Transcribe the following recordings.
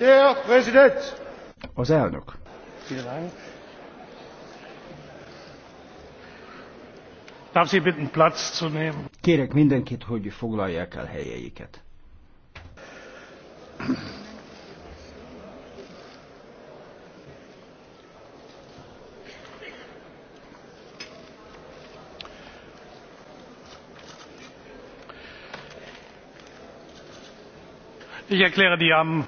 Der Präsident! Az elnök. Darf Sie bitten, Platz zu nehmen? Kérek mindenkit, hogy foglalják el helyeiket. Ich erkläre die am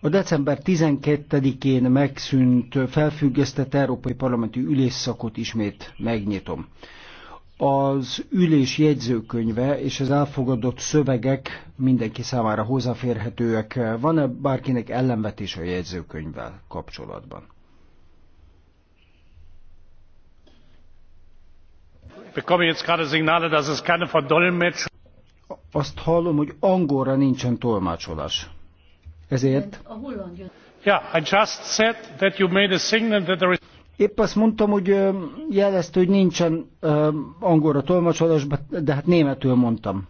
a december 12-én megszűnt felfüggesztett Európai Parlamenti ülésszakot ismét megnyitom. Az ülés jegyzőkönyve és az elfogadott szövegek mindenki számára hozzáférhetőek. Van-e bárkinek ellenvetés a jegyzőkönyvvel kapcsolatban? Azt hallom, hogy angolra nincsen tolmácsolás. Ezért... Yeah, I just said that you made a signal that there is... Épp azt mondtam, hogy jelezte, hogy nincsen angolra tolmacsolás, de hát németül mondtam.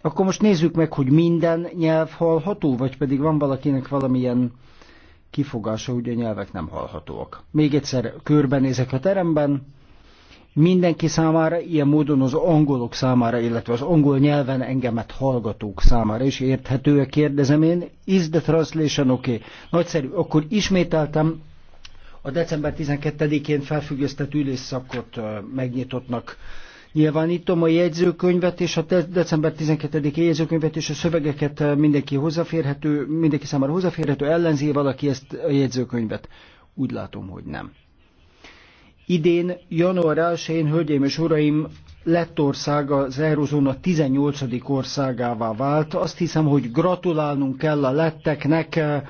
Akkor most nézzük meg, hogy minden nyelv hallható, vagy pedig van valakinek valamilyen kifogása, hogy a nyelvek nem hallhatóak. Még egyszer körbenézek a teremben, mindenki számára, ilyen módon az angolok számára, illetve az angol nyelven engemet hallgatók számára is érthető, kérdezem én, is the translation okay? Nagyszerű, akkor ismételtem, a december 12-én felfüggesztett ülésszakot megnyitottnak nyilvánítom a jegyzőkönyvet és a december 12-i jegyzőkönyvet és a szövegeket mindenki hozzáférhető, mindenki számára hozzáférhető, ellenzi valaki ezt a jegyzőkönyvet? Úgy látom, hogy nem. Idén, január 1-én, hölgyeim és uraim, Lettország az Eurozóna 18. országává vált. Azt hiszem, hogy gratulálnunk kell a letteknek eh,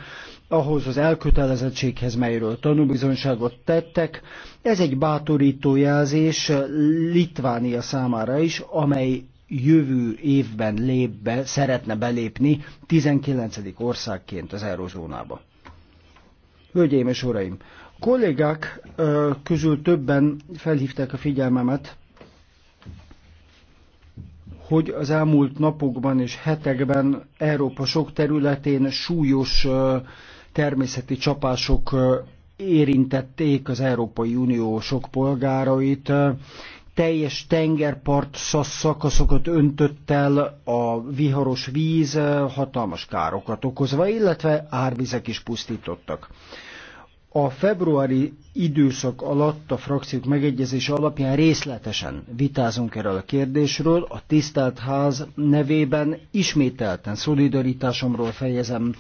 ahhoz az elkötelezettséghez, melyről tanúbizonyságot tettek. Ez egy bátorító jelzés eh, Litvánia számára is, amely jövő évben lép be, szeretne belépni 19. országként az Eurozónába. Hölgyeim és uraim, kollégák közül többen felhívták a figyelmemet, hogy az elmúlt napokban és hetekben Európa sok területén súlyos természeti csapások érintették az Európai Unió sok polgárait. Teljes tengerpart szakaszokat öntött el a viharos víz, hatalmas károkat okozva, illetve árvizek is pusztítottak. A februári időszak alatt a frakciók megegyezése alapján részletesen vitázunk erről a kérdésről. A tisztelt ház nevében ismételten szolidaritásomról fejezem,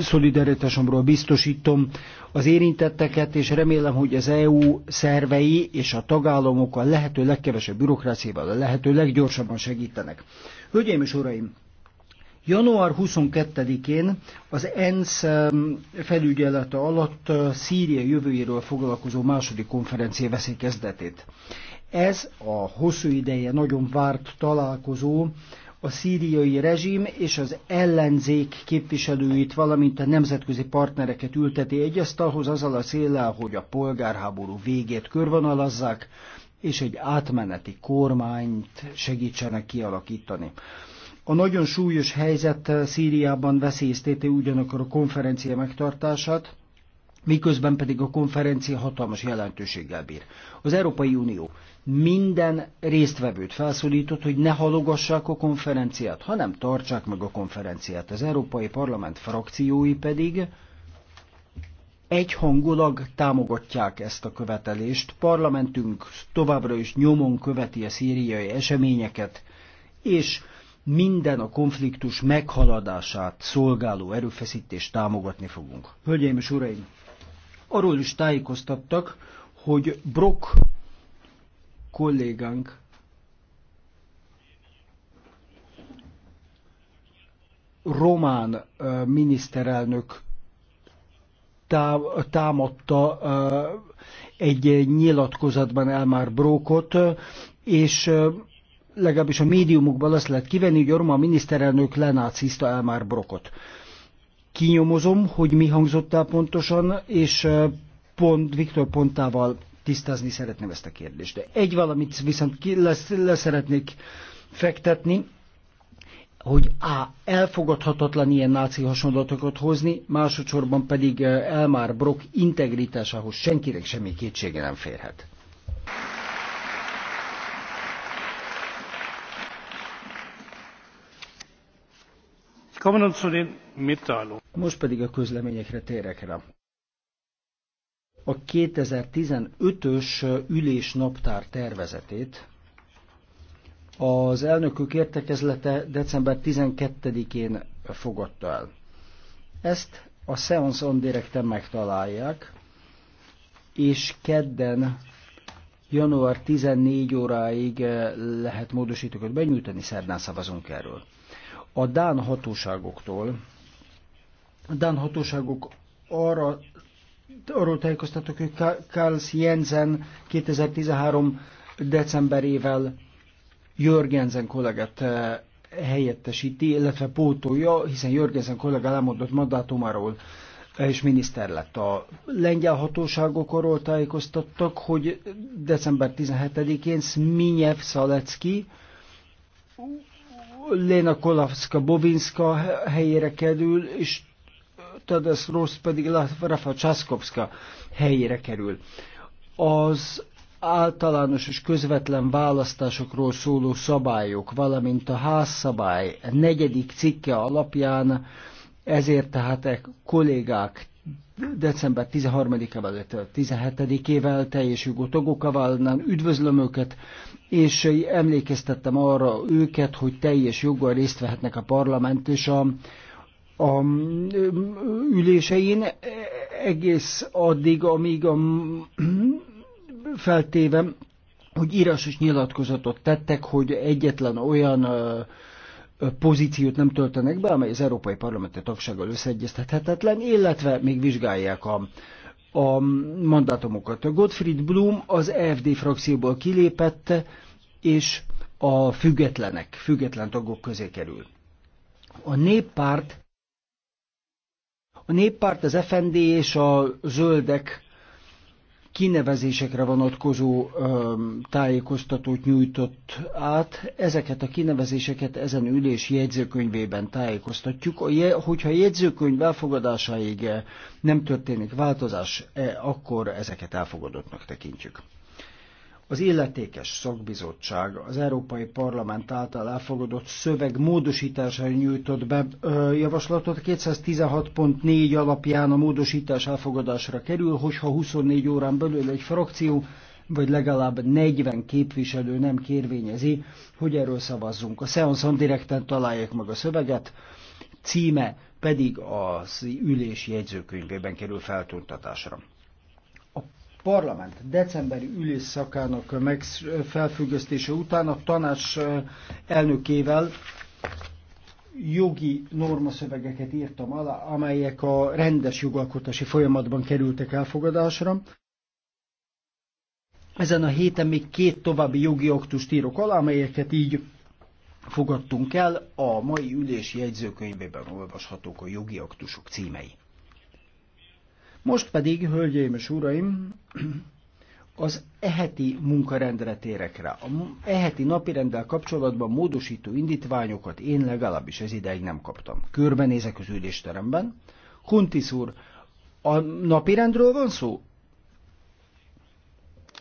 szolidaritásomról biztosítom az érintetteket, és remélem, hogy az EU szervei és a tagállamok a lehető legkevesebb bürokráciával a lehető leggyorsabban segítenek. Hölgyeim és uraim! Január 22-én az ENSZ felügyelete alatt Szíria jövőjéről foglalkozó második konferencia veszi kezdetét. Ez a hosszú ideje nagyon várt találkozó a szíriai rezsim és az ellenzék képviselőit, valamint a nemzetközi partnereket ülteti egy asztalhoz azzal a széllel, hogy a polgárháború végét körvonalazzák, és egy átmeneti kormányt segítsenek kialakítani. A nagyon súlyos helyzet eh, Szíriában veszélyeztéti ugyanakkor a konferencia megtartását, miközben pedig a konferencia hatalmas jelentőséggel bír. Az Európai Unió minden résztvevőt felszólított, hogy ne halogassák a konferenciát, hanem tartsák meg a konferenciát. Az Európai Parlament frakciói pedig egyhangulag támogatják ezt a követelést. Parlamentünk továbbra is nyomon követi a szíriai eseményeket, és minden a konfliktus meghaladását szolgáló erőfeszítést támogatni fogunk. Hölgyeim és uraim, arról is tájékoztattak, hogy Brock kollégánk román miniszterelnök támadta egy nyilatkozatban Elmar Brokot és legalábbis a médiumokban azt lehet kivenni, hogy a miniszterelnök lenáciszta Elmár Brokot. Kinyomozom, hogy mi hangzott el pontosan, és pont Viktor Pontával tisztázni szeretném ezt a kérdést. De egy valamit viszont ki lesz, leszeretnék fektetni, hogy A. elfogadhatatlan ilyen náci hasonlatokat hozni, másodszorban pedig Elmar Brock integritásához senkinek semmi kétsége nem férhet. Most pedig a közleményekre térek rá. A 2015-ös ülésnaptár tervezetét az elnökök értekezlete december 12-én fogadta el. Ezt a Seance on Directen megtalálják, és kedden január 14 óráig lehet módosítókat benyújtani, szerdán szavazunk erről a Dán hatóságoktól. A Dán hatóságok arra arról tájékoztatok, hogy Karls Jensen 2013 decemberével Jörgensen kollégát eh, helyettesíti, illetve pótolja, hiszen Jörgensen kollega lemondott mandátumáról eh, és miniszter lett. A lengyel hatóságok arról tájékoztattak, hogy december 17-én Sminyev Szalecki Léna Kolavska-Bovinska helyére kerül, és Tadasz Rossz pedig Rafa Császkowska helyére kerül. Az általános és közvetlen választásokról szóló szabályok, valamint a házszabály negyedik cikke alapján ezért tehát e kollégák december 13-ával, 17-ével teljes jogú tagokkal Üdvözlöm őket, és emlékeztettem arra őket, hogy teljes joggal részt vehetnek a parlament és a, a ülésein egész addig, amíg a feltéve, hogy írásos nyilatkozatot tettek, hogy egyetlen olyan pozíciót nem töltenek be, amely az Európai Parlamenti tagsággal összeegyeztethetetlen, illetve még vizsgálják a, a mandátumokat. Gottfried Blum az EFD frakcióból kilépett, és a függetlenek, független tagok közé kerül. A néppárt a néppárt, az FND és a zöldek kinevezésekre vonatkozó tájékoztatót nyújtott át. Ezeket a kinevezéseket ezen ülés jegyzőkönyvében tájékoztatjuk. Hogyha a jegyzőkönyv elfogadásáig nem történik változás, e, akkor ezeket elfogadottnak tekintjük. Az illetékes szakbizottság az Európai Parlament által elfogadott szöveg módosítására nyújtott be ö, javaslatot. 216.4 alapján a módosítás elfogadásra kerül, hogyha 24 órán belül egy frakció vagy legalább 40 képviselő nem kérvényezi, hogy erről szavazzunk. A szeanszon direkten találják meg a szöveget, címe pedig az ülés jegyzőkönyvében kerül feltüntetésre parlament decemberi ülésszakának felfüggesztése után a tanács elnökével jogi normaszövegeket írtam alá, amelyek a rendes jogalkotási folyamatban kerültek elfogadásra. Ezen a héten még két további jogi aktust írok alá, amelyeket így fogadtunk el. A mai ülési jegyzőkönyvében olvashatók a jogi aktusok címei. Most pedig, hölgyeim és uraim, az eheti munkarendre térek rá. A eheti napirenddel kapcsolatban módosító indítványokat én legalábbis ez ideig nem kaptam. Körbenézek az ülésteremben. Huntis úr, a napirendről van szó?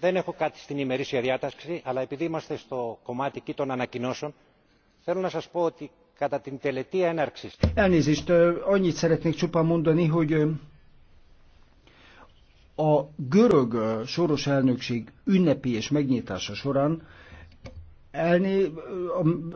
Δεν έχω κάτι στην ημερήσια διάταξη, αλλά επειδή είμαστε στο κομμάτι και των ανακοινώσεων, θέλω να σας πω ότι κατά την τελετή έναρξης... Elnézést, annyit szeretnék csupán mondani, hogy a görög soros elnökség ünnepi és megnyitása során elné,